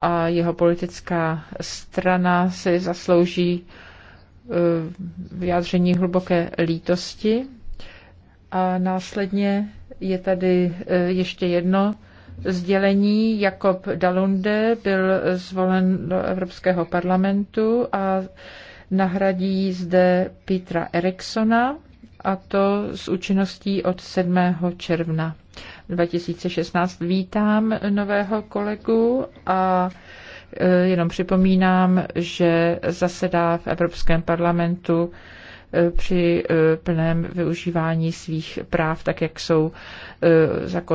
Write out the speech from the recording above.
a jeho politická strana si zaslouží eh, vyjádření hluboké lítosti. A následně je tady eh, ještě jedno sdělení. Jakob Dalunde byl zvolen do Evropského parlamentu a nahradí zde Petra Eriksona a to s účinností od 7. června. 2016. Vítám nového kolegu a e, jenom připomínám, že zasedá v Evropském parlamentu e, při e, plném využívání svých práv, tak jak jsou zakotveny.